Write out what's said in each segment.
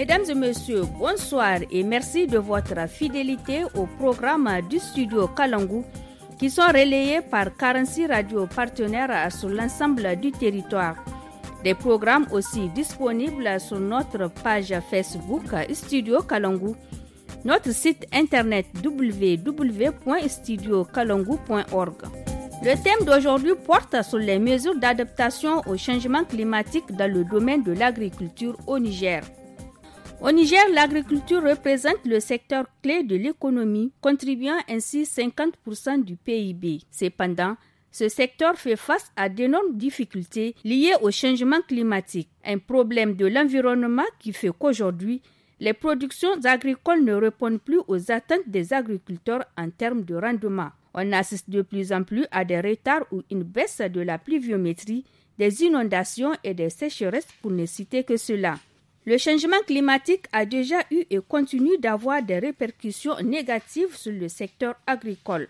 Mesdames et messieurs, bonsoir et merci de votre fidélité au programme du studio Kalangu qui sont relayés par 46 radios partenaires sur l'ensemble du territoire. Des programmes aussi disponibles sur notre page Facebook Studio Kalangu, notre site internet www.studiokalangu.org. Le thème d'aujourd'hui porte sur les mesures d'adaptation au changement climatique dans le domaine de l'agriculture au Niger. Au Niger, l'agriculture représente le secteur clé de l'économie, contribuant ainsi 50% du PIB. Cependant, ce secteur fait face à d'énormes difficultés liées au changement climatique, un problème de l'environnement qui fait qu'aujourd'hui, les productions agricoles ne répondent plus aux attentes des agriculteurs en termes de rendement. On assiste de plus en plus à des retards ou une baisse de la pluviométrie, des inondations et des sécheresses pour ne citer que cela. Le changement climatique a déjà eu et continue d'avoir des répercussions négatives sur le secteur agricole.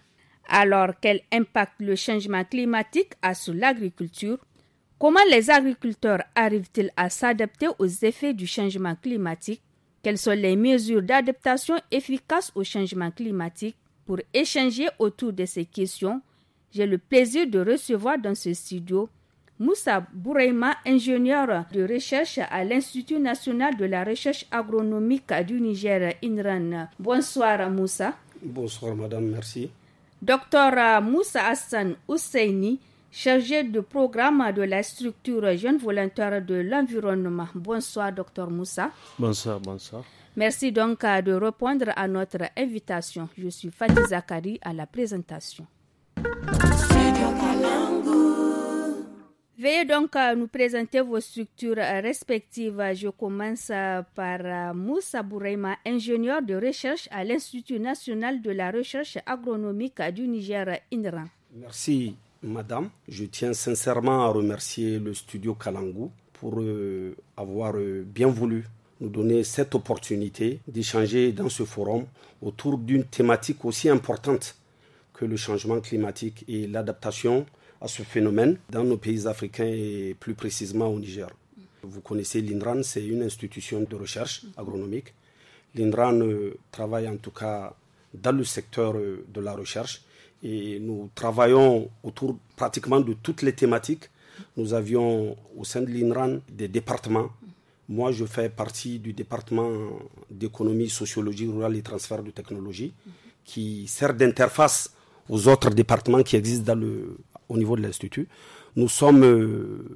Alors, quel impact le changement climatique a sur l'agriculture Comment les agriculteurs arrivent-ils à s'adapter aux effets du changement climatique Quelles sont les mesures d'adaptation efficaces au changement climatique Pour échanger autour de ces questions, j'ai le plaisir de recevoir dans ce studio Moussa Boureima, ingénieur de recherche à l'Institut national de la recherche agronomique du Niger, INRAN. Bonsoir Moussa. Bonsoir madame, merci. Docteur Moussa Hassan Ousseini, chargé de programme de la structure jeune volontaire de l'Environnement. Bonsoir docteur Moussa. Bonsoir, bonsoir. Merci donc de répondre à notre invitation. Je suis Fatih Zakari à la présentation. Veuillez donc euh, nous présenter vos structures euh, respectives. Je commence euh, par Moussa Boureima, ingénieur de recherche à l'Institut national de la recherche agronomique du Niger, INRAN. Merci, madame. Je tiens sincèrement à remercier le studio Kalangou pour avoir bien voulu nous donner cette opportunité d'échanger dans ce forum autour d'une thématique aussi importante que le changement climatique et l'adaptation à ce phénomène dans nos pays africains et plus précisément au Niger. Vous connaissez l'INRAN, c'est une institution de recherche agronomique. L'INRAN euh, travaille en tout cas dans le secteur euh, de la recherche et nous travaillons autour pratiquement de toutes les thématiques. Nous avions au sein de l'INRAN des départements. Moi, je fais partie du département d'économie, sociologie rurale et transfert de technologie qui sert d'interface aux autres départements qui existent dans le au niveau de l'Institut. Nous sommes euh,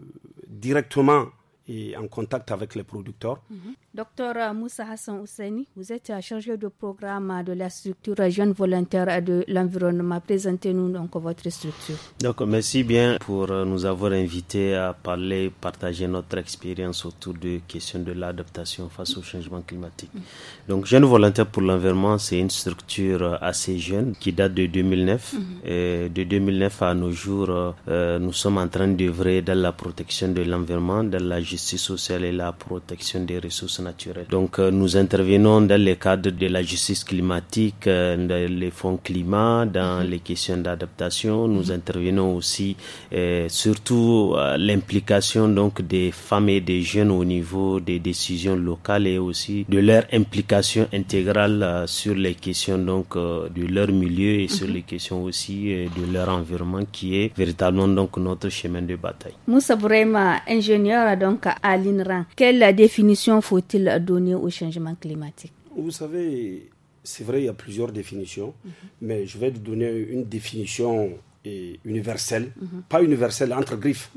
directement et en contact avec les producteurs. Mhm. Docteur Moussa Hassan Ousseni, vous êtes chargé de programme de la structure Jeunes Volontaires de l'Environnement. Présentez-nous donc votre structure. Donc, merci bien pour nous avoir invités à parler, partager notre expérience autour de questions de l'adaptation face au changement climatique. Mm-hmm. Donc, Jeunes Volontaires pour l'Environnement, c'est une structure assez jeune qui date de 2009. Mm-hmm. Et de 2009 à nos jours, euh, nous sommes en train d'œuvrer dans la protection de l'environnement, dans la justice sociale et la protection des ressources donc euh, nous intervenons dans le cadre de la justice climatique, euh, dans les fonds climat, dans mhm. les questions d'adaptation. Nous intervenons aussi euh, surtout l'implication donc des femmes et des jeunes au niveau des décisions locales et aussi de leur implication intégrale sur les questions donc de leur milieu et sur mhm. les questions aussi de leur environnement qui est véritablement donc notre chemin de bataille. Moussa Bourema, ingénieur donc à l'INRAN, quelle définition faut-il donner au changement climatique Vous savez, c'est vrai, il y a plusieurs définitions, mhm. mais je vais vous donner une définition eh, universelle, mhm. pas universelle, entre griffes.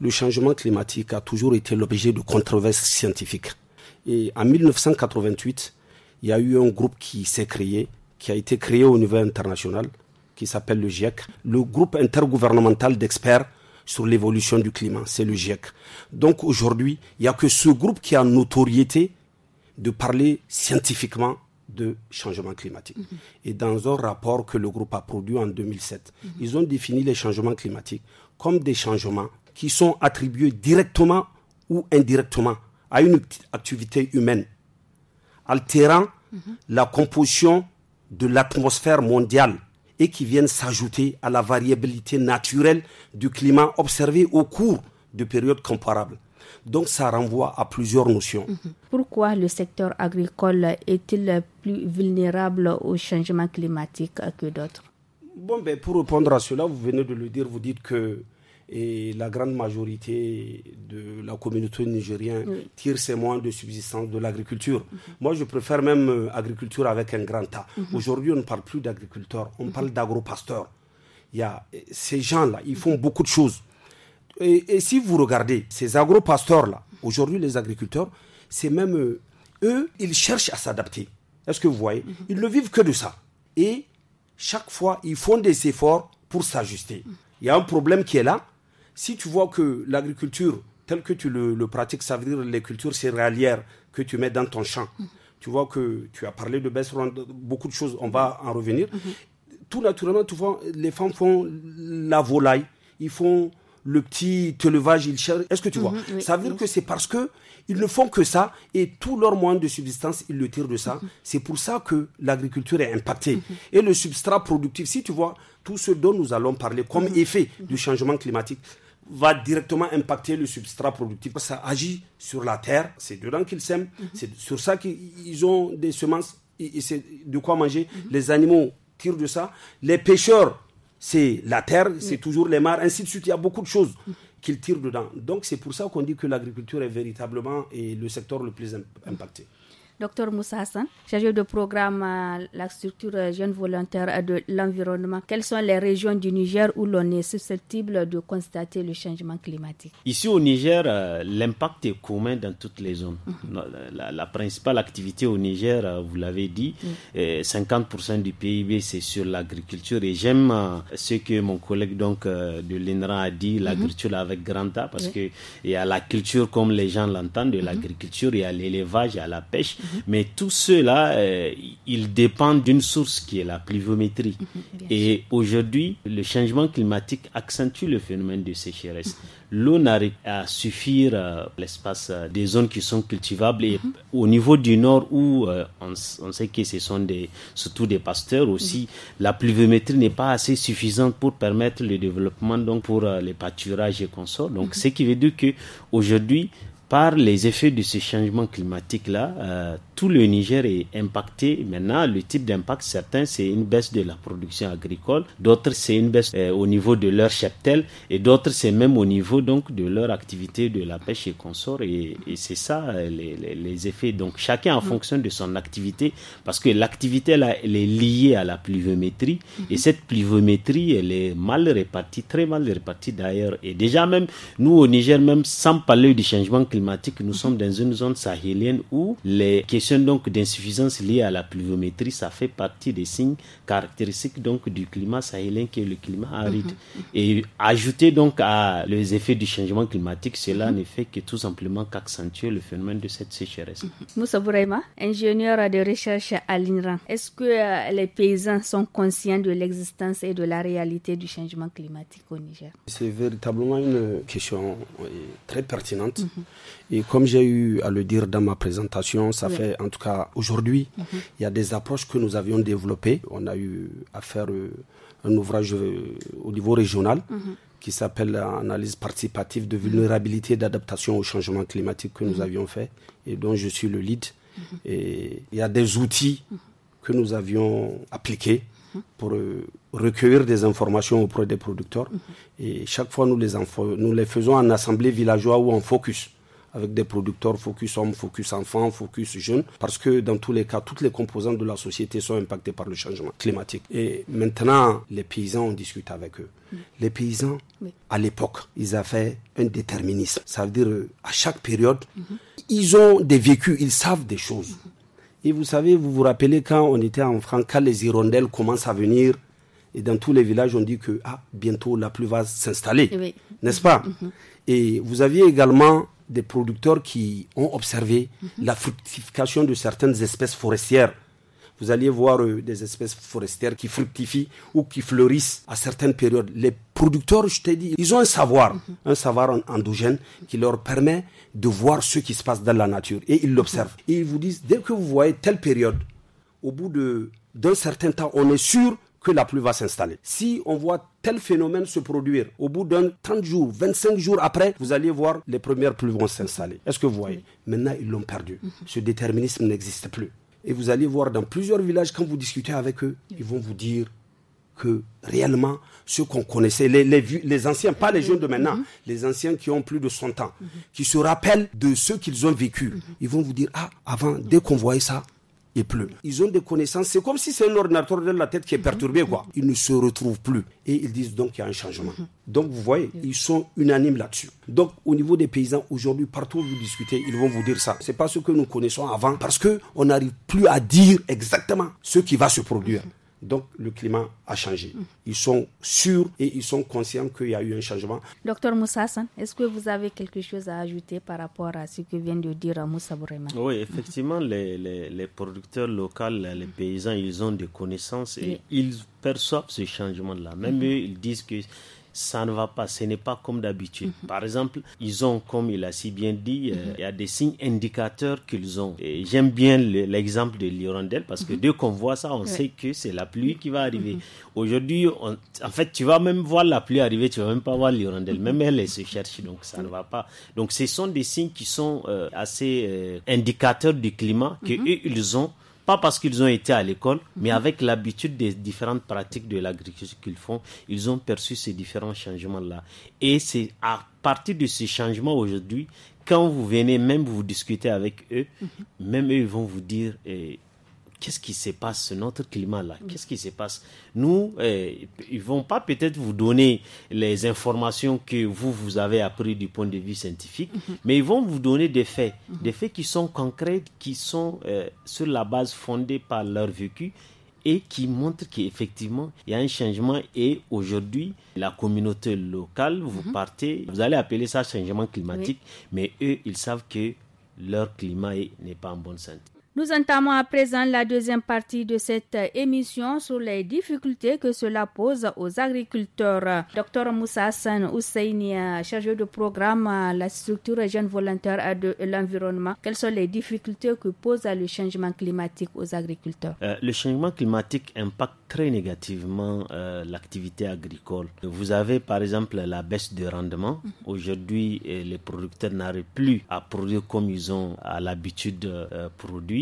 Le changement climatique a toujours été l'objet de controverses scientifiques. Et en 1988, il y a eu un groupe qui s'est créé, qui a été créé au niveau international, qui s'appelle le GIEC, le groupe intergouvernemental d'experts sur l'évolution du climat, c'est le GIEC. Donc aujourd'hui, il n'y a que ce groupe qui a notoriété de parler scientifiquement de changement climatique. Mhm. Et dans un rapport que le groupe a produit en 2007, mhm. ils ont défini les changements climatiques comme des changements qui sont attribués directement ou indirectement à une activité humaine, altérant mhm. la composition de l'atmosphère mondiale et qui viennent s'ajouter à la variabilité naturelle du climat observé au cours de périodes comparables. Donc ça renvoie à plusieurs notions. Mhm. Pourquoi le secteur agricole est-il plus vulnérable au changement climatique que d'autres Bon, ben, pour répondre à cela, vous venez de le dire, vous dites que et la grande majorité de la communauté nigérienne tire ses moyens de subsistance de l'agriculture. Mhm. Moi, je préfère même euh, agriculture avec un grand tas. Mhm. Aujourd'hui, on ne parle plus d'agriculteurs, on mhm. parle dagro Il y a euh, ces gens-là, ils font beaucoup de choses. Et, si vous regardez ces agro là aujourd'hui, les agriculteurs, c'est même euh, eux, ils cherchent à s'adapter. Est-ce que vous voyez Ils ne vivent que de ça. Et chaque fois, ils font des efforts pour s'ajuster. Il y a un problème qui est là, si tu vois que l'agriculture, telle que tu le, pratiques, ça veut dire les cultures céréalières que tu mets dans ton champ, mm-hmm. tu vois que tu as parlé de baisse, beaucoup de choses, on va mm-hmm. en revenir. Mm-hmm. Tout naturellement, tu vois, les femmes font la volaille, ils font le petit élevage, il cherchent. Est-ce que tu vois mhm, Ça veut dire mhm. que c'est parce que ils ne font que ça et tout leur moyen de subsistance, ils le tirent de ça. Mhm. C'est pour ça que l'agriculture est impactée. Et le substrat productif, si tu vois, tout ce dont nous allons parler comme effet du changement climatique, va directement impacter le substrat productif. Ça agit sur la terre, c'est dedans qu'ils sèment, c'est sur ça qu'ils ont des semences, et c'est de quoi manger. Les animaux tirent de ça. Les pêcheurs c'est la terre, mm. c'est toujours les mares, ainsi de suite. Il y a beaucoup de choses qu'ils tirent dedans. Donc c'est pour ça qu'on dit que l'agriculture est véritablement et le secteur le plus impacté. Docteur Moussa Hassan, chargé de programme à la structure jeune volontaire de l'environnement, quelles sont les régions du Niger où l'on est susceptible de constater le changement climatique Ici au Niger, euh, l'impact est commun dans toutes les zones. Mhm. La, principale activité au Niger, euh, vous l'avez dit, 50% euh, du PIB c'est sur l'agriculture et j'aime ce que mon collègue donc de l'INRA a dit, mhm. l'agriculture avec grand A, parce que qu'il y a la culture comme les gens l'entendent, de mhm. l'agriculture, il y a l'élevage, il y a la pêche. Mhm. Mais tout cela, euh, il dépend d'une source qui est la pluviométrie. Mhm, et aujourd'hui, le changement climatique accentue le phénomène de sécheresse. Mhm. L'eau n'arrive à suffire euh, l'espace euh, des zones qui sont cultivables et au niveau du nord où on, on, sait que ce sont des, surtout des pasteurs aussi, la pluviométrie n'est pas assez suffisante pour permettre le développement donc pour les pâturages et consorts. Donc ce qui veut dire que aujourd'hui par les effets de ce changement climatique-là, euh, tout le Niger est impacté. Maintenant, le type d'impact, certains, c'est une baisse de la production agricole, d'autres, c'est une baisse euh, au niveau de leur cheptel, et d'autres, c'est même au niveau donc de leur activité de la pêche et consorts. Et, c'est ça euh, les, effets. Donc, chacun en mm. fonction de son activité, parce que l'activité, là, elle est liée à la pluviométrie, mm-hmm. et cette pluviométrie, elle est mal répartie, très mal répartie d'ailleurs. Et déjà, même, nous, au Niger, même sans parler du changement climatique, nous sommes dans une zone sahélienne où les questions donc d'insuffisance liées à la pluviométrie, ça fait partie des signes caractéristiques donc du climat sahélien qui est le climat aride. Mhm. Et ajouter donc à les effets du changement climatique, cela mhm. ne fait que tout simplement qu'accentuer le phénomène de cette sécheresse. Mhm. Moussa Bouraima, ingénieur de recherche à l'INRAN, est-ce que euh, les paysans sont conscients de l'existence et de la réalité du changement climatique au Niger C'est véritablement une question très pertinente. Et comme j'ai eu à le dire dans ma présentation, ça fait en tout cas aujourd'hui, mhm. il y a des approches que nous avions développées. On a eu à faire euh, un ouvrage euh, au niveau régional. Mhm. qui s'appelle l'analyse participative de vulnérabilité et d'adaptation au changement climatique que nous mhm. avions fait et dont je suis le lead. Et il y a des outils que nous avions appliqués pour euh, recueillir des informations auprès des producteurs. Et chaque fois, nous les, nous les faisons en assemblée villageoise ou en focus avec des producteurs focus hommes, focus enfants, focus jeunes, parce que dans tous les cas, toutes les composantes de la société sont impactées par le changement climatique. Et maintenant, les paysans, on discute avec eux. Mm. Les paysans, à l'époque, ils avaient un déterminisme. Ça veut dire, euh, à chaque période, mm-hmm. ils ont des vécus, ils savent des choses. Mm-hmm. Et vous savez, vous vous rappelez quand on était en France, quand les hirondelles commencent à venir, et dans tous les villages, on dit que ah, bientôt la pluie va s'installer, n'est-ce pas mm-hmm. Et vous aviez également des producteurs qui ont observé mhm. la fructification de certaines espèces forestières. Vous alliez voir euh, des espèces forestières qui fructifient ou qui fleurissent à certaines périodes. Les producteurs, je t'ai dit, ils ont un savoir, mhm. un savoir endogène qui leur permet de voir ce qui se passe dans la nature et ils l'observent. Mhm. Et ils vous disent, dès que vous voyez telle période, au bout d'un certain temps, on est sûr que la pluie va s'installer. Si on voit tel phénomène se produire, au bout d'un 30 jours, 25 jours après, vous allez voir les premières pluies vont s'installer. Est-ce que vous voyez Maintenant, ils l'ont perdu. Mhm. Ce déterminisme n'existe plus. Et vous allez voir dans plusieurs villages, quand vous discutez avec eux, ils vont vous dire que réellement, ceux qu'on connaissait, les, les, anciens, pas les jeunes de maintenant, mhm. les anciens qui ont plus de 100 ans, mhm. qui se rappellent de ce qu'ils ont vécu, ils vont vous dire, ah, avant, dès qu'on voyait ça, il pleut. Ils ont des connaissances. C'est comme si c'est un ordinateur de la tête qui est mhm. perturbé, quoi. Mhm. Ils ne se retrouvent plus. Et ils disent donc qu'il y a un changement. Mhm. Donc, vous voyez, ils sont unanimes là-dessus. Donc, au niveau des paysans, aujourd'hui, partout où vous discutez, ils vont vous dire ça. C'est pas ce que nous connaissons avant parce que on n'arrive plus à dire exactement ce qui va se produire. Donc le climat a changé. Ils sont sûrs et ils sont conscients qu'il y a eu un changement. Docteur Moussassan, est-ce que vous avez quelque chose à ajouter par rapport à ce que vient de dire Moussa Bourema Oui, effectivement, les, producteurs locaux, les paysans, ils ont des connaissances et ils perçoivent ce changement-là. Même mhm. eux, ils disent que ça ne va pas, ce n'est pas comme d'habitude. Mhm. Par exemple, ils ont, comme il a si bien dit, euh, mhm. il y a des signes indicateurs qu'ils ont. j'aime bien l'exemple de l'hirondelle parce que mhm. dès qu'on voit ça, on sait que c'est la pluie qui va arriver. Aujourd'hui, en fait, tu vas même voir la pluie arriver, tu vas même pas voir l'hirondelle. Même elle, elle se cherche, donc ça ne va pas. Donc ce sont des signes qui sont euh, assez euh, indicateurs du climat que ils ont pas parce qu'ils ont été à l'école, mais mhm. avec l'habitude des différentes pratiques de l'agriculture qu'ils font, ils ont perçu ces différents changements-là. Et c'est à partir de ces changements aujourd'hui, quand vous venez, même vous discutez avec eux, mhm. même eux, ils vont vous dire... Eh, qu'est-ce qui se passe, notre climat-là, qu'est-ce qui se passe Nous, eh, ils ne vont pas peut-être vous donner les informations que vous, vous avez apprises du point de vue scientifique, mhm. mais ils vont vous donner des faits, mhm. des faits qui sont concrets, qui sont eh, sur la base fondée par leur vécu et qui montrent qu'effectivement, il y a un changement et aujourd'hui, la communauté locale, vous mhm. partez, vous allez appeler ça changement climatique, mais eux, ils savent que leur climat n'est pas en bonne santé. Nous entamons à présent la deuxième partie de cette émission sur les difficultés que cela pose aux agriculteurs. Docteur Moussa Hassan Ousseini, chargé de programme à la structure jeune volontaire de l'environnement, quelles sont les difficultés que pose le changement climatique aux agriculteurs euh, Le changement climatique impacte très négativement euh, l'activité agricole. Vous avez par exemple la baisse de rendement. Mhm. Aujourd'hui, euh, les producteurs n'arrivent plus à produire comme ils ont à l'habitude de produire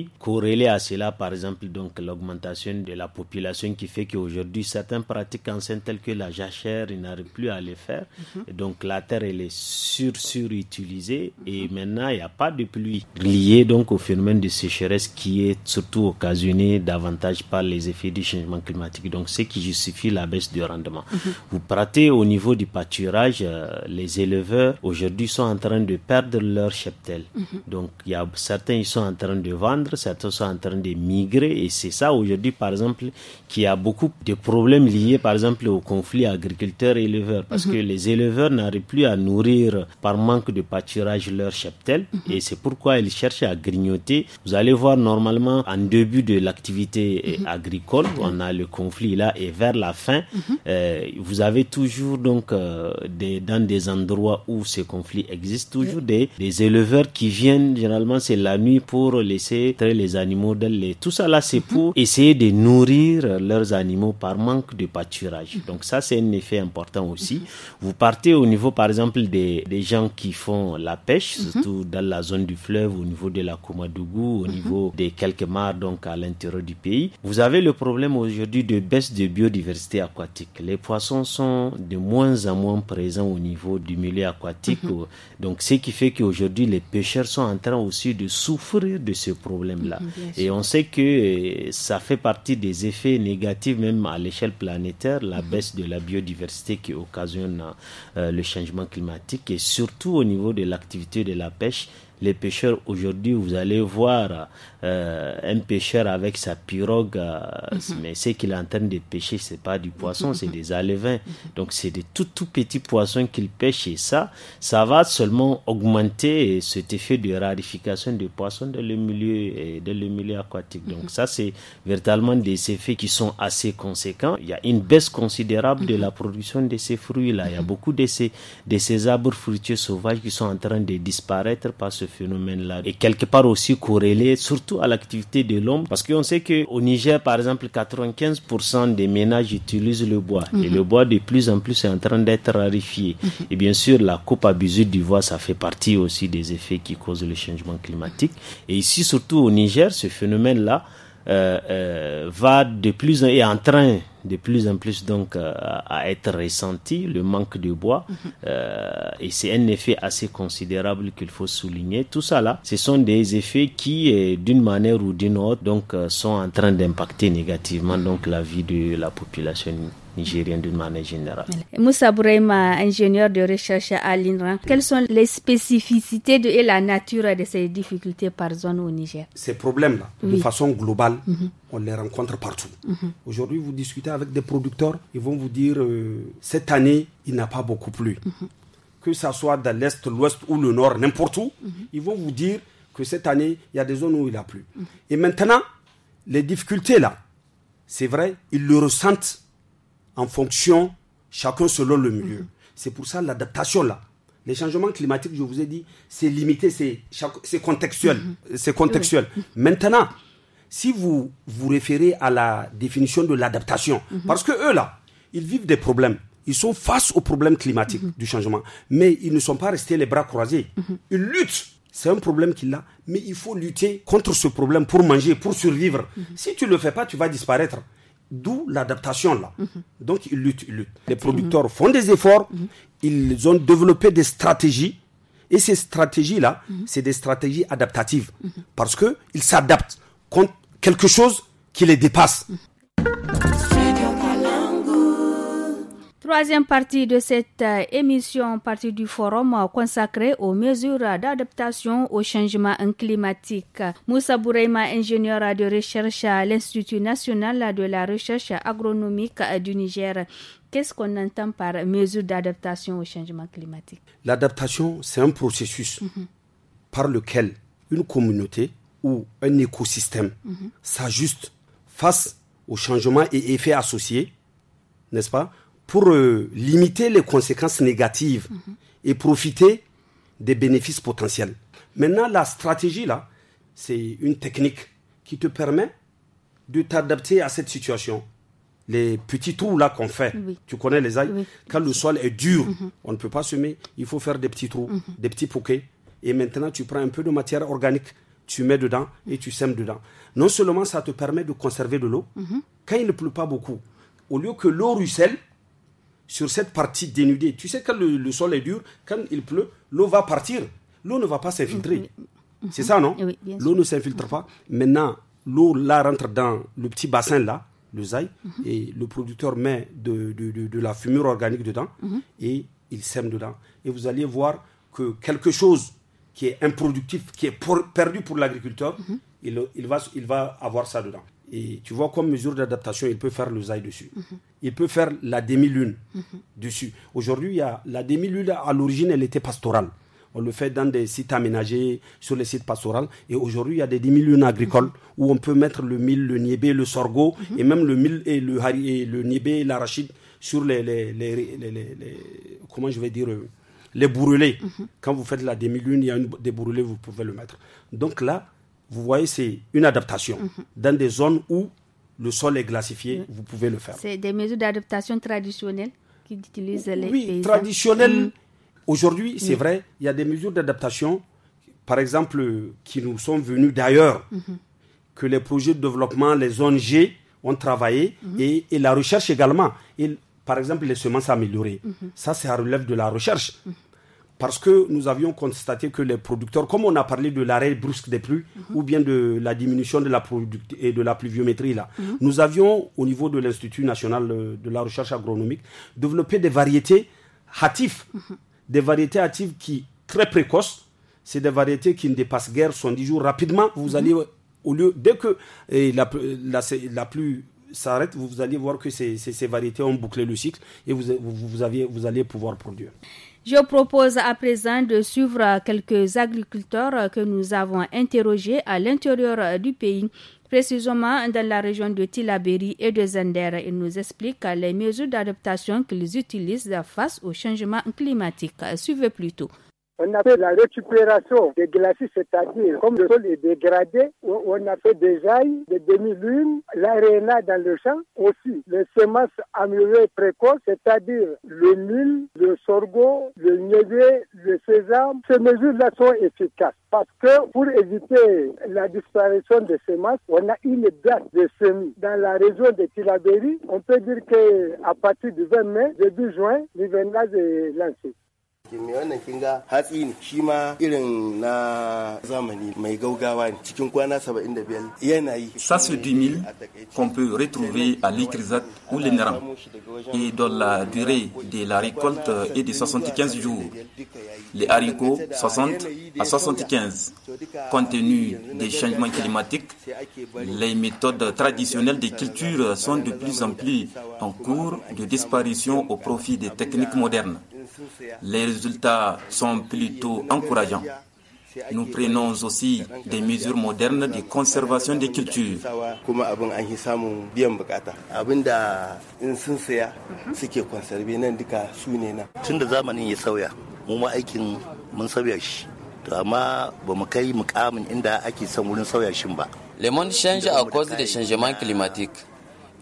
à cela, par exemple, donc l'augmentation de la population qui fait qu'aujourd'hui, certains pratiques anciennes telles que la jachère, ils n'arrivent plus à les faire. Mhm. Donc la terre, elle est sur surutilisée et maintenant, il n'y a pas de pluie liée donc au phénomène de sécheresse qui est surtout occasionné davantage par les effets du changement climatique. Donc ce qui justifie la baisse du rendement. Mhm. Vous pratez au niveau du pâturage, euh, les éleveurs aujourd'hui sont en train de perdre leur cheptel. Mhm. Donc il y certains ils sont en train de vendre certains sont en train de migrer et c'est ça aujourd'hui, par exemple, qui a beaucoup de problèmes liés, par exemple, au conflit agriculteur-éleveur parce mhm. que les éleveurs n'arrivent plus à nourrir par manque de pâturage leur cheptel mhm. et c'est pourquoi ils cherchent à grignoter. Vous allez voir normalement en début de l'activité mhm. agricole, on a le conflit là et vers la fin, euh, vous avez toujours donc euh, des, dans des endroits où ces conflits existent toujours des, des éleveurs qui viennent généralement c'est la nuit pour laisser les animaux Tout ça là, c'est pour mhm. essayer de nourrir leurs animaux par manque de pâturage. Mhm. Donc ça, c'est un effet important aussi. Vous partez au niveau, par exemple, des, des gens qui font la pêche, mhm. surtout dans la zone du fleuve, au niveau de la Koumadougou, au niveau des quelques mares, donc à l'intérieur du pays. Vous avez le problème aujourd'hui de baisse de biodiversité aquatique. Les poissons sont de moins en moins présents au niveau du milieu aquatique. Donc ce qui fait qu'aujourd'hui, les pêcheurs sont en train aussi de souffrir de ce problème Mhm, et on sait que euh, ça fait partie des effets négatifs, même à l'échelle planétaire, la mhm. baisse de la biodiversité qui occasionne euh, le changement climatique et surtout au niveau de l'activité de la pêche les pêcheurs aujourd'hui, vous allez voir euh, un pêcheur avec sa pirogue, euh, mhm. mais ce qu'il est en train de pêcher, c'est pas du poisson, c'est mhm. des alevins. Mhm. Donc c'est des tout tout petits poissons qu'il pêche et ça, ça va seulement augmenter cet effet de rarification des poissons dans le milieu et dans le milieu aquatique. Donc ça, c'est véritablement des effets qui sont assez conséquents. Il y a une baisse considérable de la production de ces fruits-là. Il y a beaucoup de ces, de ces arbres fruitiers sauvages qui sont en train de disparaître par ce phénomène-là et quelque part aussi corrélé surtout à l'activité de l'homme parce qu'on sait qu'au Niger, par exemple, 95% des ménages utilisent le bois et mhm. le bois de plus en plus est en train d'être rarifié. Mhm. Et bien sûr, la coupe abusive du bois, ça fait partie aussi des effets qui causent le changement climatique. Et ici, surtout au Niger, ce phénomène-là, euh, euh, va de plus en, est en train de plus en plus donc euh, à être ressenti le manque de bois mhm. et c'est un effet assez considérable qu'il faut souligner tout ça là ce sont des effets qui d'une manière ou d'une autre donc sont en train d'impacter négativement donc la vie de la population nigérienne d'une manière générale. Moussa Boureima, ingénieur de recherche à l'INRA, quelles sont les spécificités de, et la nature de ces difficultés par zone au Niger Ces problèmes-là, de façon globale, mhm. on les rencontre partout. Mhm. Aujourd'hui, vous discutez avec des producteurs, ils vont vous dire euh, cette année, il n'a pas beaucoup plu. Mhm. Que ce soit dans l'Est, l'Ouest ou le Nord, n'importe où, ils vont vous dire que cette année, il y a des zones où il a plu. Et maintenant, les difficultés là, c'est vrai, ils le ressentent en fonction, chacun selon le milieu. C'est pour ça l'adaptation là. Les changements climatiques, je vous ai dit, c'est limité, c'est contextuel. C'est contextuel. Mm-hmm. Maintenant, si vous vous référez à la définition de l'adaptation, mm-hmm. parce que eux là, ils vivent des problèmes. Ils sont face aux problèmes climatiques mm-hmm. du changement, mais ils ne sont pas restés les bras croisés. Ils luttent c'est un problème qu'il a, mais il faut lutter contre ce problème pour manger, pour survivre. Si tu ne le fais pas, tu vas disparaître. D'où l'adaptation là. Mhm. Donc ils luttent, ils luttent. Les producteurs font des efforts, mhm. ils ont développé des stratégies. Et ces stratégies-là, mhm. c'est des stratégies adaptatives. Parce qu'ils s'adaptent contre quelque chose qui les dépasse. Troisième partie de cette euh, émission, partie du forum euh, consacré aux mesures d'adaptation au changement climatique. Moussa Boureima, ingénieur de recherche à l'Institut national de la recherche agronomique euh, du Niger. Qu'est-ce qu'on entend par mesures d'adaptation au changement climatique L'adaptation, c'est un processus mhm. par lequel une communauté ou un écosystème mhm. s'ajuste face aux changements et effets associés, n'est-ce pas pour euh, limiter les conséquences négatives mhm. et profiter des bénéfices potentiels. Maintenant, la stratégie, là, c'est une technique qui te permet de t'adapter à cette situation. Les petits trous là qu'on fait, tu connais les ailes, quand le sol est dur, mhm. on ne peut pas semer, il faut faire des petits trous, mhm. des petits poquets. Et maintenant, tu prends un peu de matière organique, tu mets dedans et tu sèmes dedans. Non seulement ça te permet de conserver de l'eau, quand il ne pleut pas beaucoup, au lieu que l'eau ruisselle, sur cette partie dénudée. Tu sais, quand le, sol est dur, quand il pleut, l'eau va partir. L'eau ne va pas s'infiltrer. Mm, mm, mm. C'est ça, non eh L'eau ne s'infiltre pas. Maintenant, l'eau là rentre dans le petit bassin là, le zaï, mm-hmm. et le producteur met de, la fumure organique dedans mm-hmm. et il sème dedans. Et vous allez voir que quelque chose qui est improductif, qui est perdu pour l'agriculteur, mm-hmm. il, il, va, il va avoir ça dedans. Et tu vois, comme mesure d'adaptation, il peut faire le zaï dessus. Il peut faire la demi-lune dessus. Aujourd'hui, il y a, la demi-lune, à l'origine, elle était pastorale. On le fait dans des sites aménagés, sur les sites pastoraux. Et aujourd'hui, il y a des demi-lunes agricoles où on peut mettre le mil, le niébé, le sorgho, et même le mil et le, et le niébé et l'arachide sur les, les, les, les, Comment je vais dire euh, Les brûlés. Mhm. Quand vous faites la demi-lune, il y a une, des bourrelets, vous pouvez le mettre. Donc là, vous voyez, c'est une adaptation. Mhm. Dans des zones où le sol est glacifié, vous pouvez le faire. C'est des mesures d'adaptation traditionnelles qui utilisent les Oui, traditionnelles. Mm. Aujourd'hui, c'est vrai, il y a des mesures d'adaptation, par exemple, qui nous sont venues d'ailleurs, mhm. que les projets de développement, les ONG ont travaillé, mhm. et, la recherche également. par exemple, les semences améliorées. Ça, c'est à relève de la recherche parce que nous avions constaté que les producteurs, comme on a parlé de l'arrêt brusque des pluies mhm. ou bien de la diminution de la et de la pluviométrie là, mhm. nous avions au niveau de l'Institut national euh, de la recherche agronomique développé des variétés hâtives, mhm. des variétés hâtives qui très précoces, c'est des variétés qui ne dépassent guère 70 jours rapidement. Vous allez au lieu dès que la, pluie s'arrête, vous, allez voir que ces, variétés ont bouclé le cycle et vous allez pouvoir produire. Je propose à présent de suivre quelques agriculteurs que nous avons interrogés à l'intérieur du pays, précisément dans la région de Tilaberi et de Zender. Ils nous expliquent les mesures d'adaptation qu'ils utilisent face au changement climatique. Suivez plutôt. On a fait la récupération des glacis, c'est-à-dire comme le sol est dégradé, on a fait des ailes, des demi-lunes, l'aréna dans le champ aussi. Les semences amurées précoces, c'est-à-dire le mil, le sorgho, le niébé, le sésame, ces mesures-là sont efficaces parce que pour éviter la disparition des semences, on a une date de semis. Dans la région de Tilaberi, on peut dire qu'à partir du 20 mai, début juin, l'hivernage est lancé. Ça, c'est du mille ça qu'on peut retrouver à l'Ikrizat ou l'Eneram et dans la durée de la récolte est de 75 jours les haricots 60 à 75 compte tenu des changements climatiques les méthodes traditionnelles de culture sont de plus en plus en cours de disparition au profit des techniques modernes les résultats sont plutôt encourageants. Nous prenons aussi des mesures modernes de conservation des cultures. Le monde change à cause des changements climatiques.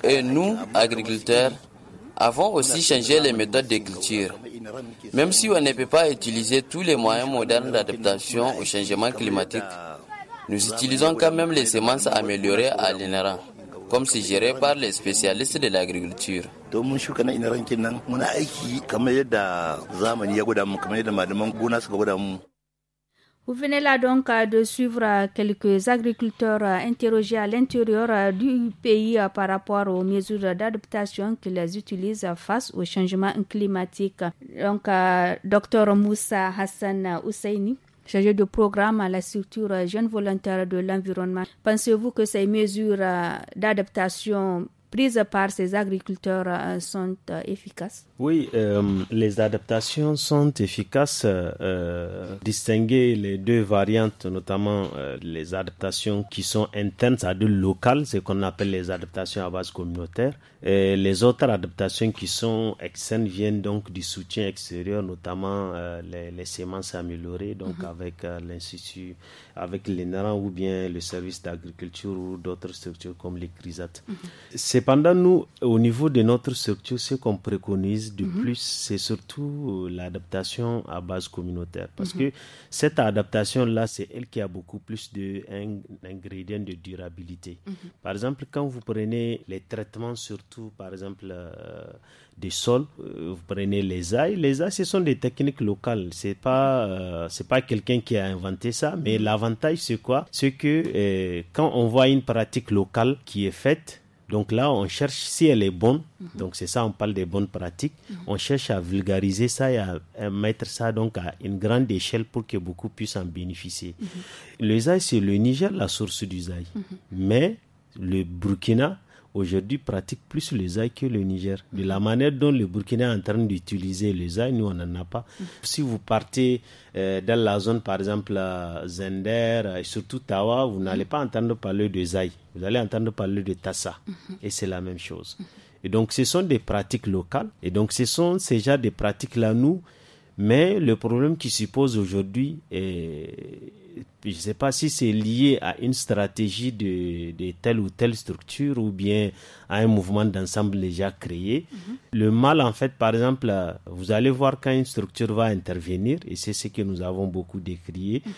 Et nous, agriculteurs, avons aussi changé les méthodes de culture. Même si on ne peut pas utiliser tous les moyens modernes d'adaptation au changement climatique, nous utilisons quand même les semences améliorées à l'INERA, comme géré par les spécialistes de l'agriculture. Vous venez là donc euh, de suivre euh, quelques agriculteurs euh, interrogés à l'intérieur du pays par rapport aux mesures d'adaptation qu'ils utilisent face au changement climatique. Donc, Dr Moussa Hassan Husseini, chargé de programme à la structure Jeunes volontaire de l'Environnement, pensez-vous que ces mesures d'adaptation prises par ces agriculteurs euh, sont euh, efficaces Oui, euh, les adaptations sont efficaces. distinguer les deux variantes, notamment les adaptations qui sont internes, c'est-à-dire locales, ce qu'on appelle les adaptations à base communautaire. Et les autres adaptations qui sont externes viennent donc du soutien extérieur, notamment les, les, sémences améliorées, donc mhm. avec l'Institut, avec l'ENRA ou bien le service d'agriculture ou d'autres structures comme les CRISAT. Mhm. Cependant, nous, au niveau de notre structure, ce qu'on préconise de plus, c'est surtout euh, l'adaptation à base communautaire. Parce mhm. que cette adaptation-là, c'est elle qui a beaucoup plus d'ingrédients de, de durabilité. Mhm. Par exemple, quand vous prenez les traitements, surtout, par exemple, euh, des sols, euh, vous prenez les ailes. Les ailes, ce sont des techniques locales. Ce n'est pas, pas quelqu'un qui a inventé ça, mais mhm. l'avantage, c'est quoi C'est que quand on voit une pratique locale qui est faite, donc là, on cherche si elle est bonne. Donc c'est ça, on parle des bonnes pratiques. On cherche à vulgariser ça et à, mettre ça donc à une grande échelle pour que beaucoup puissent en bénéficier. Mhm. Le c'est le Niger, la source du Zaï. Mhm. Mais le Burkina, aujourd'hui pratiquent plus le ZAI que le Niger. De la manière dont le Burkina est en train d'utiliser le ZAI, nous, on n'en a pas. Si vous partez euh, dans la zone, par exemple, Zender, et surtout Tawa, vous n'allez pas entendre parler de ZAI. Vous allez entendre parler de Tassa. Et c'est la même chose. Et donc, ce sont des pratiques locales. Et donc, ce sont ces des pratiques-là, nous. Mais le problème qui se pose aujourd'hui est je ne sais pas si c'est lié à une stratégie de, telle ou telle structure ou bien à un mouvement d'ensemble déjà créé. Mhm. Le mal, en fait, par exemple, euh, vous allez voir quand une structure va intervenir, et c'est ce que nous avons beaucoup décrié. Mhm.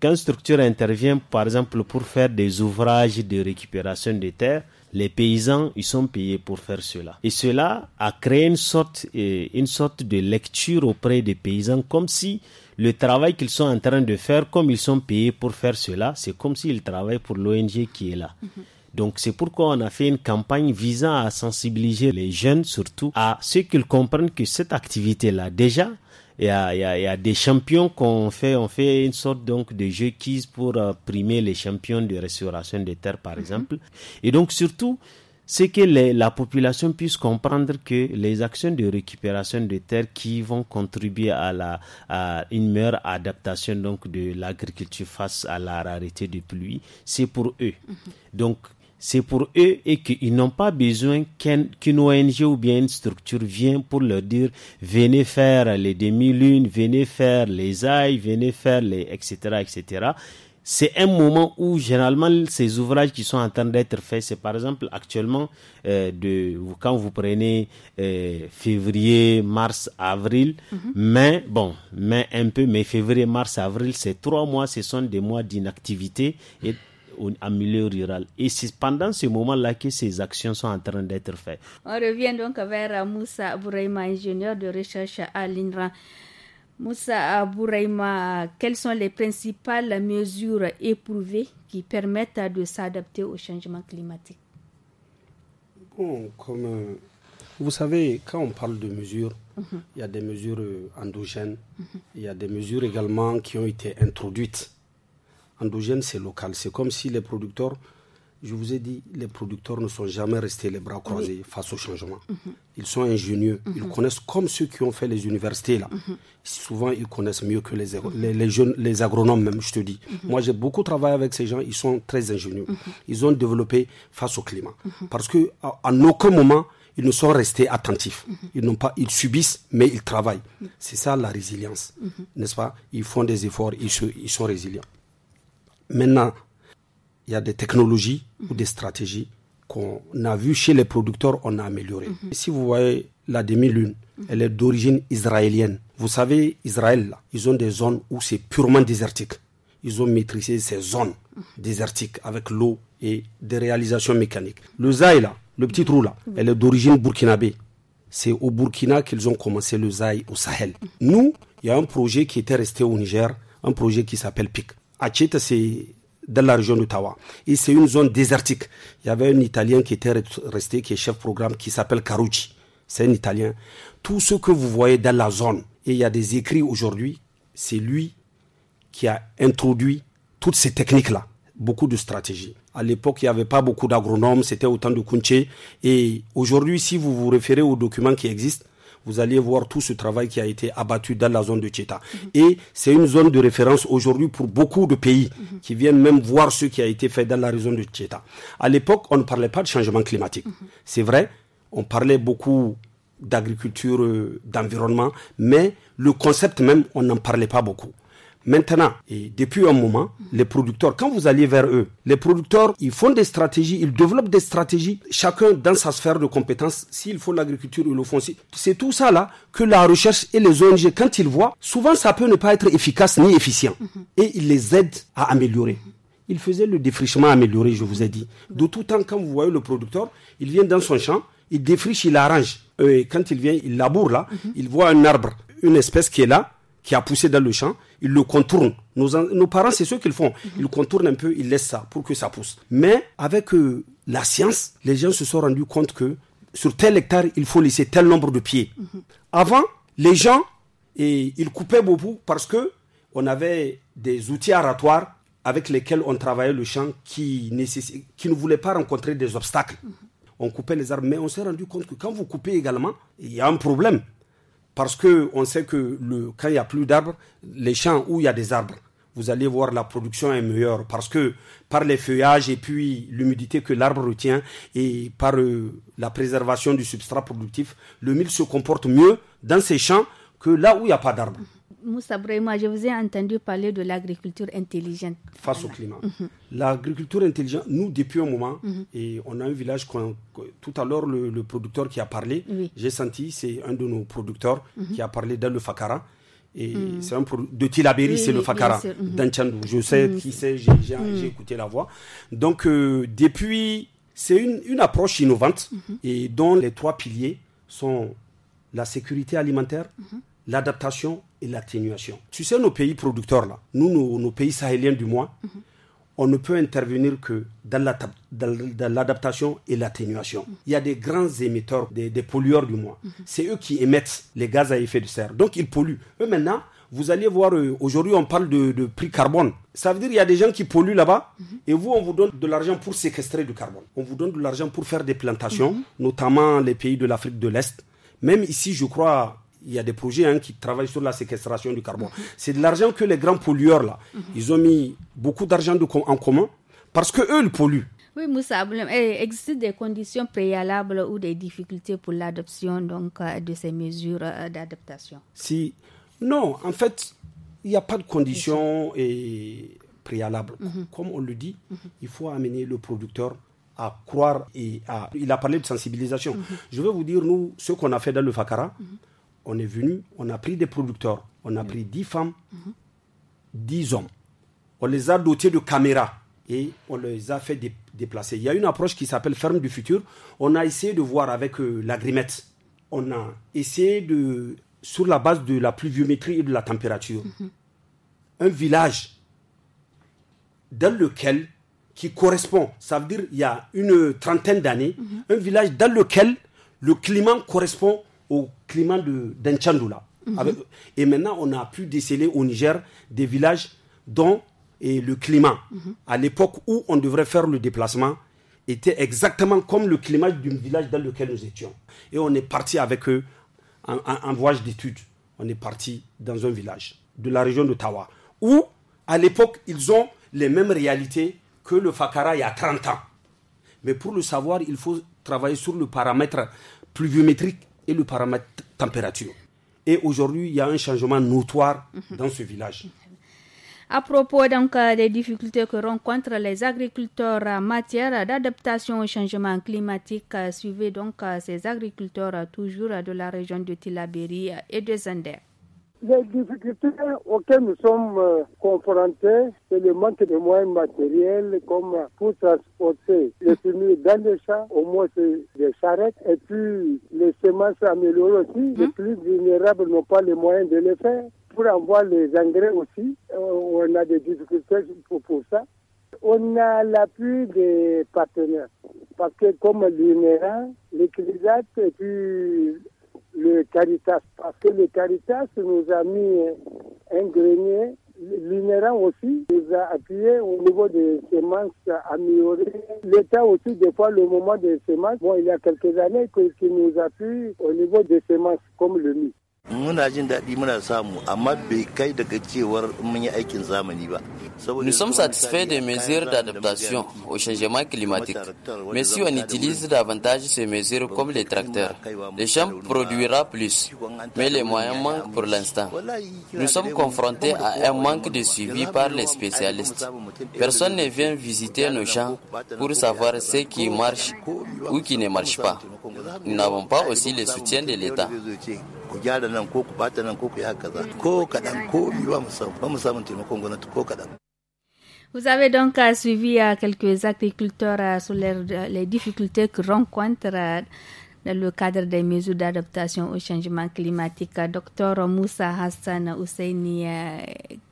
Quand une structure intervient, par exemple, pour faire des ouvrages de récupération des terres, les paysans, ils sont payés pour faire cela. Et cela a créé une sorte, euh, une sorte de lecture auprès des paysans, comme si le travail qu'ils sont en train de faire, comme ils sont payés pour faire cela, c'est comme s'ils travaillent pour l'ONG qui est là. Mhm. Donc c'est pourquoi on a fait une campagne visant à sensibiliser les jeunes surtout à ce qu'ils comprennent que cette activité-là, déjà, il y a, des champions qu'on fait, on fait une sorte donc de jeu quiz pour euh, primer les champions de restauration des terres, par mhm. exemple. Et donc, surtout, c'est que la population puisse comprendre que les actions de récupération de terres qui vont contribuer à, la, une meilleure adaptation donc de l'agriculture face à la rareté de pluie, c'est pour eux. Mhm. Donc c'est pour eux et qu'ils n'ont pas besoin qu'une ONG ou bien une structure vienne pour leur dire venez faire les demi-lunes, venez faire les ailes, venez faire les etc. etc. C'est un moment où généralement ces ouvrages qui sont en train d'être faits, c'est par exemple actuellement euh, de quand vous prenez euh, février, mars, avril, mhm. mais bon, mais un peu, mais février, mars, avril, c'est trois mois, ce sont des mois d'inactivité et en milieu rural. Et c'est pendant ce moment-là que ces actions sont en train d'être faites. On revient donc vers Moussa Bouraïma, ingénieur de recherche à l'INRA. Moussa Bouraïma, quelles sont les principales mesures éprouvées qui permettent de s'adapter au changement climatique bon, vous savez, quand on parle de mesures, mhm. il y a des mesures endogènes, mhm. il y a des mesures également qui ont été introduites endogène, c'est local. C'est comme si les producteurs, je vous ai dit, les producteurs ne sont jamais restés les bras croisés face au changement. Mhm. Ils sont ingénieux. Mhm. Ils connaissent comme ceux qui ont fait les universités là. Mhm. Souvent, ils connaissent mieux que les, les, jeunes, les agronomes même, je te dis. Moi, j'ai beaucoup travaillé avec ces gens. Ils sont très ingénieux. Ils ont développé face au climat. Parce que à, aucun moment ils ne sont restés attentifs. Ils n'ont pas, ils subissent, mais ils travaillent. C'est ça la résilience, n'est-ce pas Ils font des efforts, ils sont résilients. Maintenant, il y a des technologies ou des stratégies qu'on a vues chez les producteurs, on a amélioré. Mhm. Si vous voyez la demi-lune, mhm. elle est d'origine israélienne. Vous savez, Israël, là, ils ont des zones où c'est purement désertique. Ils ont maîtrisé ces zones mhm. désertiques avec l'eau et des réalisations mécaniques. Le zaï, là, le petit trou, là, elle est d'origine burkinabé. C'est au Burkina qu'ils ont commencé le zaï au Sahel. Nous, il y a un projet qui était resté au Niger, un projet qui s'appelle PIC. Acheta, c'est dans la région d'Ottawa. Et c'est une zone désertique. Il y avait un Italien qui était resté, qui est chef programme, qui s'appelle Carucci. C'est un Italien. Tout ce que vous voyez dans la zone, et il y a des écrits aujourd'hui, c'est lui qui a introduit toutes ces techniques-là, beaucoup de stratégies. À l'époque, il n'y avait pas beaucoup d'agronomes, c'était autant de Kunche. Et aujourd'hui, si vous vous référez aux documents qui existent, vous allez voir tout ce travail qui a été abattu dans la zone de Tcheta. Et c'est une zone de référence aujourd'hui pour beaucoup de pays qui viennent même voir ce qui a été fait dans la région de Tcheta. À l'époque, on ne parlait pas de changement climatique. C'est vrai, on parlait beaucoup d'agriculture, euh, d'environnement, mais le concept même, on n'en parlait pas beaucoup. Maintenant, et depuis un moment, les producteurs, quand vous allez vers eux, les producteurs, ils font des stratégies, ils développent des stratégies, chacun dans sa sphère de compétences. S'il faut l'agriculture, ou le C'est tout ça là que la recherche et les ONG, quand ils voient, souvent ça peut ne pas être efficace ni efficient. Mhm. Et ils les aident à améliorer. Ils faisaient le défrichement amélioré, je vous ai dit. De tout temps, quand vous voyez le producteur, il vient dans son champ, il défriche, il arrange. Et quand il vient, il laboure là, mhm. il voit un arbre, une espèce qui est là, qui a poussé dans le champ, ils le contournent. Nos, parents, c'est ce qu'ils font. Mhm. Ils contournent un peu, ils laissent ça pour que ça pousse. Mais avec euh, la science, les gens se sont rendus compte que sur tel hectare, il faut laisser tel nombre de pieds. Mhm. Avant, les gens, et, ils coupaient beaucoup parce que on avait des outils aratoires avec lesquels on travaillait le champ qui, qui ne voulaient pas rencontrer des obstacles. Mhm. on coupait les arbres. Mais on s'est rendu compte que quand vous coupez également, il y a un problème. Parce qu'on sait que le, quand il n'y a plus d'arbres, les champs où il y a des arbres, vous allez voir la production est meilleure parce que par les feuillages et puis l'humidité que l'arbre retient et par euh, la préservation du substrat productif, le mil se comporte mieux dans ces champs que là où il n'y a pas d'arbres. Moussa Brahima, je vous ai entendu parler de l'agriculture intelligente. Face au climat. Mhm. L'agriculture intelligente, nous, depuis un moment, mhm. et on a un village, tout à l'heure, le, producteur qui a parlé, j'ai senti, c'est un de nos producteurs mhm. qui a parlé dans le Fakara. Et c'est un de Tilaberi, c'est le Fakara, Je sais qui c'est, j'ai écouté la voix. Donc, euh, depuis, c'est une, une, approche innovante et dont les trois piliers sont la sécurité alimentaire, l'adaptation et l'atténuation. Tu sais, nos pays producteurs, là, nous, nos, pays sahéliens du moins, mhm. on ne peut intervenir que dans l'adaptation et l'atténuation. Mhm. Il y a des grands émetteurs, des, pollueurs du moins. Mhm. C'est eux qui émettent les gaz à effet de serre. Donc, ils polluent. Eux, maintenant, vous allez voir, euh, aujourd'hui, on parle de, prix carbone. Ça veut dire qu'il y a des gens qui polluent là-bas, et vous, on vous donne de l'argent pour séquestrer du carbone. On vous donne de l'argent pour faire des plantations, notamment les pays de l'Afrique de l'Est. Même ici, je crois, il y a des projets hein, qui travaillent sur la séquestration du carbone. C'est de l'argent que les grands pollueurs, là, mhm. ils ont mis beaucoup d'argent en commun parce qu'eux, eux, ils polluent. Oui, Moussa, eh, existe des conditions préalables ou des difficultés pour l'adoption donc euh, de ces mesures euh, d'adaptation Si, non, en fait, il n'y a pas de conditions préalables. Mhm. Comme on le dit, mhm. il faut amener le producteur à croire et à. Il a parlé de sensibilisation. Je vais vous dire, nous, ce qu'on a fait dans le Fakara on est venu, on a pris des producteurs, on a pris 10 femmes, 10 mhm. hommes. On les a dotés de caméras et on les a fait déplacer. Il y a une approche qui s'appelle Ferme du futur. On a essayé de voir avec euh, la grimette. On a essayé de, sur la base de la pluviométrie et de la température, mhm. un village dans lequel, qui correspond, ça veut dire il y a une trentaine d'années, mhm. un village dans lequel le climat correspond au climat De, mhm. Et maintenant, on a pu déceler au Niger des villages dont et le climat, mhm. à l'époque où on devrait faire le déplacement, était exactement comme le climat d'une village dans lequel nous étions. Et on est parti avec eux en, voyage d'études. On est parti dans un village de la région de Tawa où, à l'époque, ils ont les mêmes réalités que le Fakara il y a 30 ans. Mais pour le savoir, il faut travailler sur le paramètre pluviométrique et le paramètre température. Et aujourd'hui, il y a un changement notoire mhm. dans ce village. À propos donc euh, des difficultés que rencontrent les agriculteurs en matière d'adaptation au changement climatique, euh, suivez donc euh, ces agriculteurs toujours de la région de Tilaberi et de Zander. Les difficultés auxquelles nous sommes euh, confrontés, c'est le manque de moyens matériels comme pour transporter les semis dans les champs, au moins c'est des charrettes, et puis les semences améliorées aussi. Mhm. Les plus vulnérables n'ont pas les moyens de les faire. Pour avoir les engrais aussi, euh, on a des difficultés pour ça. On a l'appui des partenaires, parce que comme l'UNERA, les et puis le Caritas, parce que le Caritas nous a mis un grenier. L'INERAN aussi nous a appuyé au niveau des semences améliorées. L'État aussi, des fois, le moment des semences, bon, il y a quelques années qui nous appuie au niveau des semences, comme le mythe. Nous sommes satisfaits des mesures d'adaptation au changement climatique, mais si on utilise davantage ces mesures comme les tracteurs, les champs produira plus, mais les moyens manquent pour l'instant. Nous sommes confrontés à un manque de suivi par les spécialistes. Personne ne vient visiter nos champs pour savoir ce qui marche ou qui ne marche pas. Nous n'avons pas aussi le soutien de l'État. Vous avez donc euh, suivi euh, quelques agriculteurs euh, sur les difficultés que rencontrent dans le cadre des mesures d'adaptation au changement climatique. Docteur Moussa Hassan Husseini,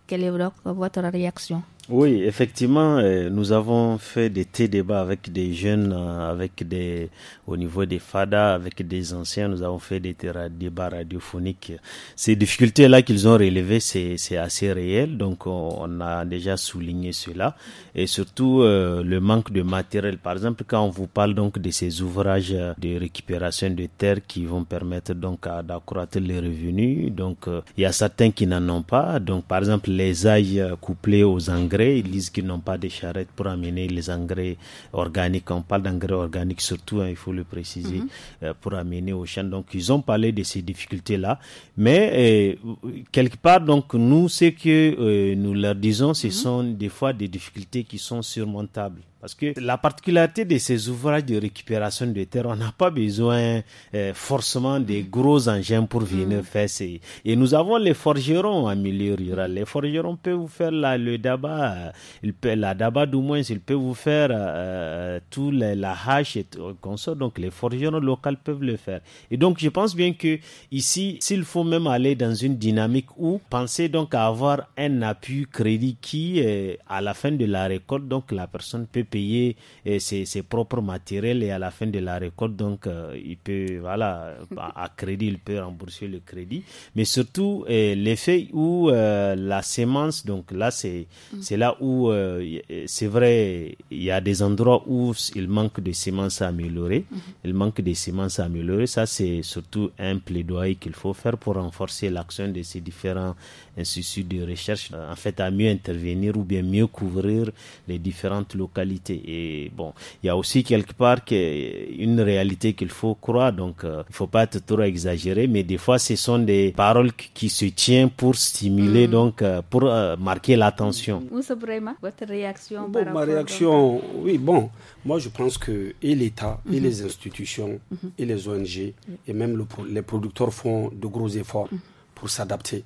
quelle est votre réaction oui, effectivement, euh, nous avons fait des thé débats avec des jeunes, euh, avec des, au niveau des FADA, avec des anciens, nous avons fait des débats radiophoniques. Ces difficultés-là qu'ils ont relevées, c'est assez réel, donc on, a déjà souligné cela. Et surtout, euh, le manque de matériel. Par exemple, quand on vous parle donc de ces ouvrages de récupération de terre qui vont permettre donc d'accroître les revenus, donc il y a certains qui n'en ont pas. Donc, par exemple, les ailles couplées aux engrais, ils disent qu'ils n'ont pas de charrettes pour amener les engrais organiques. On parle d'engrais organiques surtout, hein, il faut le préciser, mhm. euh, pour amener aux champs. Donc, ils ont parlé de ces difficultés-là. Mais euh, quelque part, donc, nous, ce que euh, nous leur disons, ce mhm. sont des fois des difficultés qui sont surmontables. Parce que la particularité de ces ouvrages de récupération de terre, on n'a pas besoin euh, forcément des gros engins pour venir mm. faire ces. Et nous avons les forgerons en milieu rural. Les forgerons peuvent vous faire le daba, il peut, la daba du moins, ils peuvent vous faire euh, tout la hache et consort. Donc les forgerons locaux peuvent le faire. Et donc je pense bien que ici, s'il faut même aller dans une dynamique où penser donc à avoir un appui crédit qui, à la fin de la récolte, donc la personne peut payer ses, ses, propres matériels et à la fin de la récolte, donc euh, il peut, voilà, à, crédit, il peut rembourser le crédit. Mais surtout, l'effet où euh, la sémence, donc là, c'est c'est là où, euh, c'est vrai, il y a des endroits où il manque de semences améliorées mhm. Il manque de semences à Ça, c'est surtout un plaidoyer qu'il faut faire pour renforcer l'action de ces différents instituts de recherche, en fait, à mieux intervenir ou bien mieux couvrir les différentes localités et bon, il y a aussi quelque part une réalité qu'il faut croire. Donc, euh, il ne faut pas être trop exagéré, mais des fois, ce sont des paroles qui se tiennent pour stimuler, mm. donc, euh, pour euh, marquer l'attention. Moussa mm. votre réaction bon, Ma réaction, oui, bon, moi, je pense que et l'État, et mm-hmm. les institutions, mm-hmm. et les ONG, et même les producteurs font de gros efforts mm-hmm. pour s'adapter.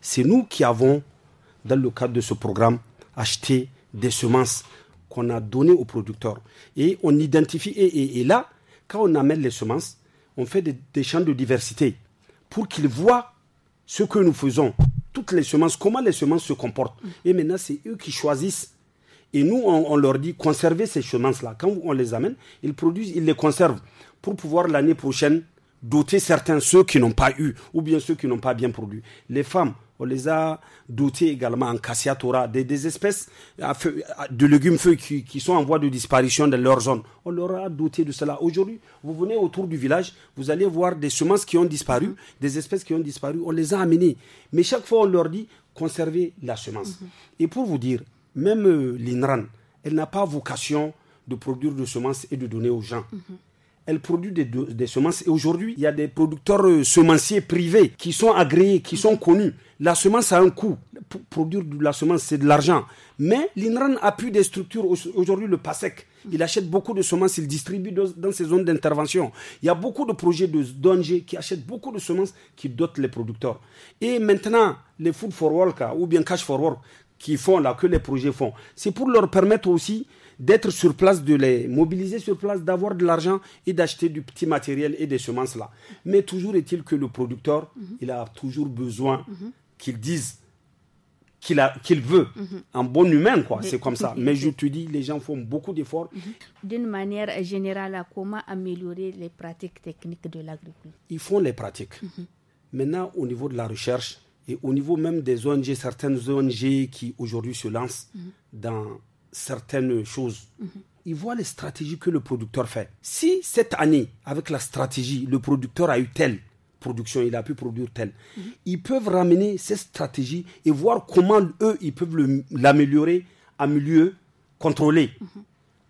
C'est nous qui avons, dans le cadre de ce programme, acheté des semences qu'on a donné aux producteurs. Et on identifie, et, là, quand on amène les semences, on fait des, champs de diversité pour qu'ils voient ce que nous faisons, toutes les semences, comment les semences se comportent. Et maintenant, c'est eux qui choisissent. Et nous, on, leur dit, conserver ces semences-là. Quand on les amène, ils produisent, ils les conservent pour pouvoir l'année prochaine doter certains, ceux qui n'ont pas eu, ou bien ceux qui n'ont pas bien produit. Les femmes on les a dotés également en cassia des, espèces de légumes feuilles qui, sont en voie de disparition dans leur zone. On leur a doté de cela. Aujourd'hui, vous venez autour du village, vous allez voir des semences qui ont disparu, des espèces qui ont disparu, on les a amenées. Mais chaque fois, on leur dit conservez la semence. Mhm. Et pour vous dire, même euh, l'INRAN, elle n'a pas vocation de produire de semences et de donner aux gens. Mhm elle produit des, semences. Et aujourd'hui, il y a des producteurs euh, semenciers privés qui sont agréés, qui sont connus. La semence a un coût. produire de la semence, c'est de l'argent. Mais l'INRAN appuie des structures. Aujourd'hui, le PASEC, il achète beaucoup de semences, il distribue dans ses zones d'intervention. Il y a beaucoup de projets d'ONG qui achètent beaucoup de semences qui dotent les producteurs. Et maintenant, les Food for Work hein, ou bien Cash for Work qui font là, que les projets font, c'est pour leur permettre aussi d'être sur place, de les mobiliser sur place, d'avoir de l'argent et d'acheter du petit matériel et des semences-là. Mais toujours est-il que le producteur, mhm. il a toujours besoin mhm. qu'il dise qu'il veut, mhm. en bon humain, quoi. C'est comme ça. Mais je te dis, les gens font beaucoup d'efforts. D'une manière générale, comment améliorer les pratiques techniques de l'agriculture Ils font les pratiques. Maintenant, au niveau de la recherche et au niveau même des ONG, certaines ONG qui aujourd'hui se lancent dans certaines choses. Mhm. Ils voient les stratégies que le producteur fait. Si cette année, avec la stratégie, le producteur a eu telle production, il a pu produire telle, mhm. ils peuvent ramener ces stratégies et voir comment eux, ils peuvent l'améliorer à milieu contrôlé, mhm.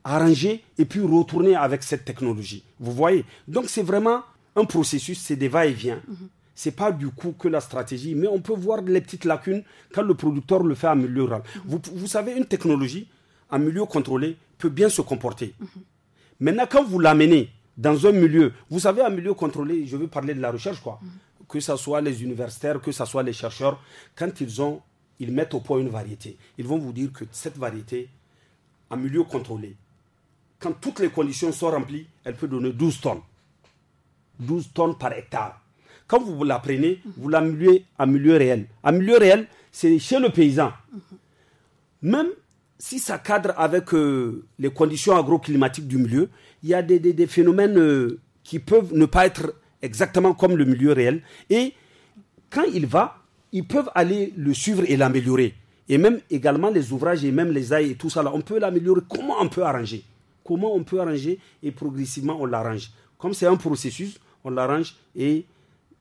arranger et puis retourner avec cette technologie. Vous voyez Donc c'est vraiment un processus, c'est des va-et-vient c'est pas du coup que la stratégie, mais on peut voir les petites lacunes quand le producteur le fait améliorer. vous savez, une technologie, un milieu contrôlé, peut bien se comporter. Maintenant, quand vous l'amenez dans un milieu, vous savez, un milieu contrôlé, je veux parler de la recherche, quoi. Que ce soit les universitaires, que ce soit les chercheurs, quand ils ont, ils mettent au point une variété, ils vont vous dire que cette variété, en milieu contrôlé, quand toutes les conditions sont remplies, elle peut donner 12 tonnes. 12 tonnes par hectare. Quand vous la prenez, vous la en milieu réel. En milieu réel, c'est chez le paysan. Même si ça cadre avec euh, les conditions agroclimatiques du milieu, il y a des, phénomènes euh, qui peuvent ne pas être exactement comme le milieu réel. Et quand il va, ils peuvent aller le suivre et l'améliorer. Et même également les ouvrages et même les ailes et tout ça, on peut l'améliorer. Comment on peut arranger Comment on peut arranger et progressivement on l'arrange. Comme c'est un processus, on l'arrange et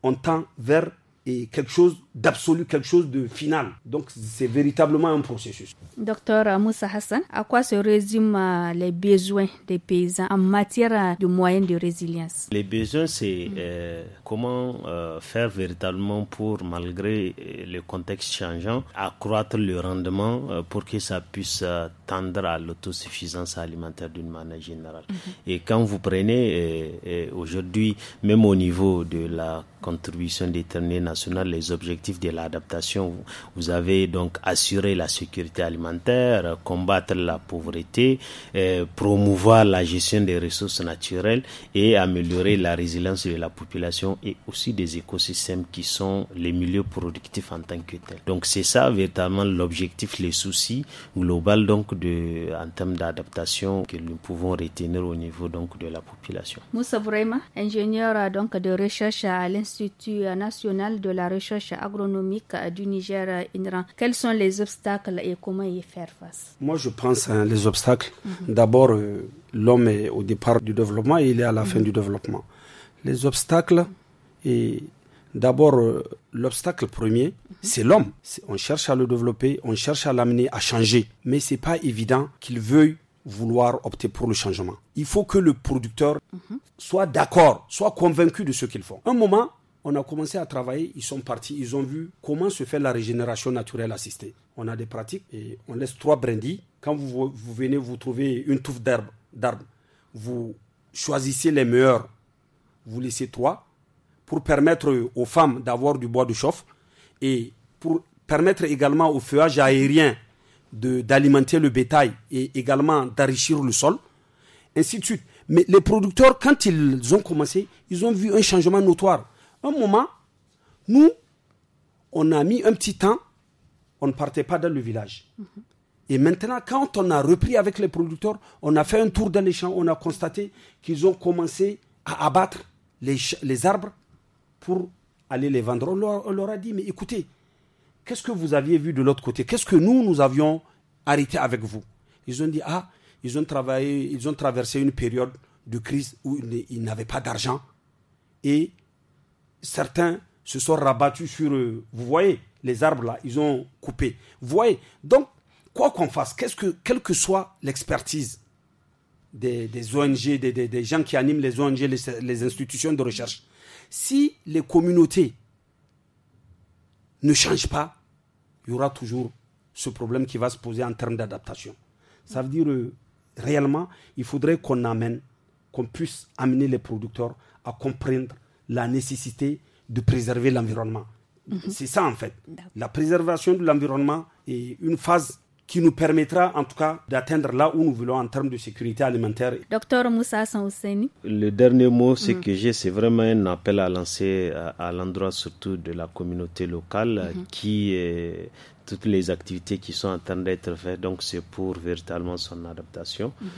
on tend vers et quelque chose d'absolu, quelque chose de final. Donc c'est véritablement un processus. Docteur Moussa Hassan, à quoi se résument euh, les besoins des paysans en matière euh, de moyens de résilience Les besoins, c'est mm. euh, comment euh, faire véritablement pour, malgré euh, le contexte changeant, accroître le rendement euh, pour que ça puisse tendre à l'autosuffisance alimentaire d'une manière générale. Mhm. Et quand vous prenez aujourd'hui, même au niveau de la contribution déterminée nationale, les objectifs de l'adaptation, vous avez donc assuré la sécurité alimentaire, combattre la pauvreté, promouvoir la gestion des ressources naturelles et améliorer la résilience de la population et aussi des écosystèmes qui sont les milieux productifs en tant que tels. Donc c'est ça véritablement l'objectif, les soucis global donc de, en termes d'adaptation que nous pouvons retenir au niveau donc de la population. Moussa vraiment ingénieur donc de recherche à l'Institut national de la recherche agronomique du Niger INRAN. Quels sont les obstacles et comment y faire face Moi je pense hein, les obstacles. Mhm. D'abord euh, l'homme est au départ du développement et il est à la fin mhm. du développement. Les obstacles et d'abord, euh, l'obstacle premier, mhm. c'est l'homme. On cherche à le développer, on cherche à l'amener à changer. Mais ce c'est pas évident qu'il veuille vouloir opter pour le changement. Il faut que le producteur mhm. soit d'accord, soit convaincu de ce qu'il fait. Un moment, on a commencé à travailler, ils sont partis, ils ont vu comment se fait la régénération naturelle assistée. On a des pratiques et on laisse trois brindilles. Quand vous, venez, vous trouvez une touffe d'herbe, vous choisissez les meilleurs, vous laissez trois, pour permettre aux femmes d'avoir du bois de chauffe et pour permettre également au feuillage aérien d'alimenter le bétail et également d'enrichir le sol, ainsi de suite. Mais les producteurs, quand ils ont commencé, ils ont vu un changement notoire. Un moment, nous, on a mis un petit temps, on ne partait pas dans le village. Mhm. Et maintenant, quand on a repris avec les producteurs, on a fait un tour dans les champs, on a constaté qu'ils ont commencé à abattre les arbres pour aller les vendre. On leur, a dit, mais écoutez, qu'est-ce que vous aviez vu de l'autre côté Qu'est-ce que nous, nous avions arrêté avec vous Ils ont dit, ah, ils ont travaillé, ils ont traversé une période de crise où ils n'avaient pas d'argent. Et certains se sont rabattus sur, eux. vous voyez, les arbres là, ils ont coupé. Vous voyez, donc, quoi qu'on fasse, qu'est-ce que, quelle que soit l'expertise des, ONG, des, gens qui animent les ONG, les institutions de recherche, si les communautés ne changent pas, il y aura toujours ce problème qui va se poser en termes d'adaptation. Ça veut dire, euh, réellement, il faudrait qu'on amène, qu'on puisse amener les producteurs à comprendre la nécessité de préserver l'environnement. Mhm. C'est ça, en fait. La préservation de l'environnement est une phase qui nous permettra en tout cas d'atteindre là où nous voulons en termes de sécurité alimentaire. Docteur Moussa Sanseni. Le dernier mot, c'est que j'ai, c'est vraiment un appel à lancer à, l'endroit surtout de la communauté locale mhm. qui est toutes les activités qui sont en train d'être faites. Donc, c'est pour véritablement son adaptation. Mhm.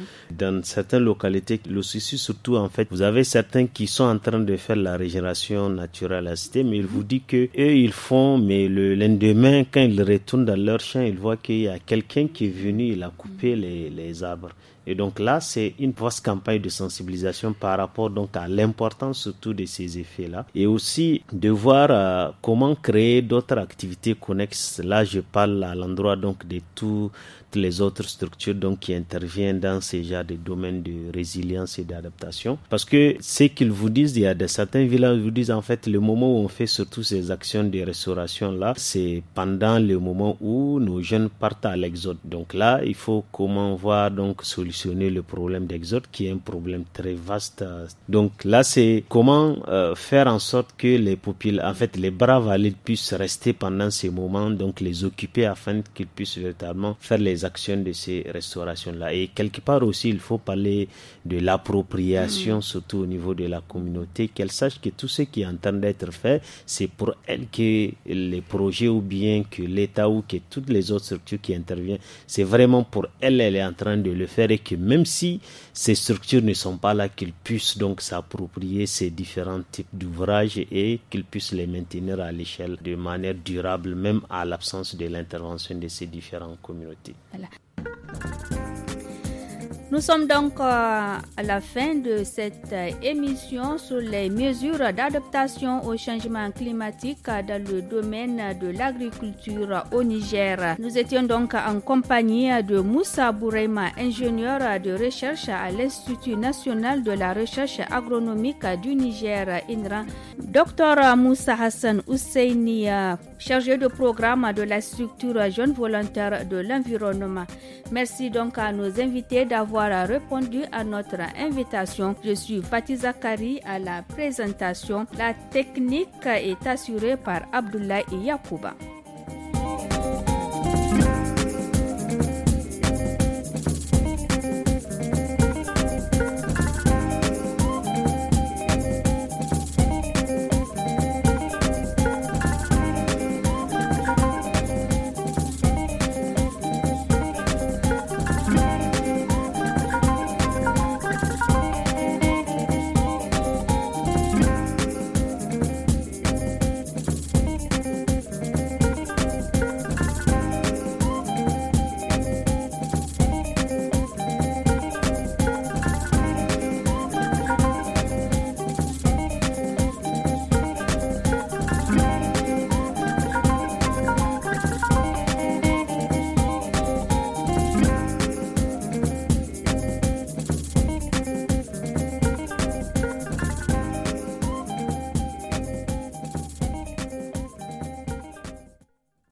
Dans certaines localités, le souci surtout, en fait, vous avez certains qui sont en train de faire la régénération naturelle à la cité, mais il vous dit que ils font, mais le lendemain, quand ils retournent dans leur champ, ils voient qu'il y a quelqu'un qui est venu, il a coupé mhm. les, les arbres. Et donc là, c'est une grosse campagne de sensibilisation par rapport donc à l'importance surtout de ces effets-là et aussi de voir euh, comment créer d'autres activités connexes. Là, je parle à l'endroit donc de toutes les autres structures donc qui interviennent dans ces genres de domaines de résilience et d'adaptation parce que ce qu'ils vous disent, il y a de certains villages vous disent en fait le moment où on fait surtout ces actions de restauration là, c'est pendant le moment où nos jeunes partent à l'exode. Donc là, il faut comment voir donc sur solutionner le problème d'exode qui est un problème très vaste. Donc là, c'est comment euh, faire en sorte que les populations, en fait, les braves valides puissent rester pendant ces moments, donc les occuper afin qu'ils puissent véritablement faire les actions de ces restaurations-là. Et quelque part aussi, il faut parler de l'appropriation, mm. surtout au niveau de la communauté, qu'elle sache que tout ce qui est en train d'être fait, c'est pour elle que les projets ou bien que l'État ou que toutes les autres structures qui interviennent, c'est vraiment pour elle, elle est en train de le faire que même si ces structures ne sont pas là, qu'ils puissent donc s'approprier ces différents types d'ouvrages et qu'ils puissent les maintenir à l'échelle de manière durable, même à l'absence de l'intervention de ces différentes communautés. Nous sommes donc euh, à la fin de cette euh, émission sur les mesures d'adaptation au changement climatique dans le domaine de l'agriculture au Niger. Nous étions donc en compagnie de Moussa Boureima, ingénieur de recherche à l'Institut national de la recherche agronomique du Niger, INRA. Dr Moussa Hassan Ousseini, euh, chargé de programme de la structure jeune volontaire de l'Environnement. Merci donc à nos invités d'avoir répondu à notre invitation. Je suis Fatih Zakari à la présentation. La technique est assurée par Abdullah Yakouba.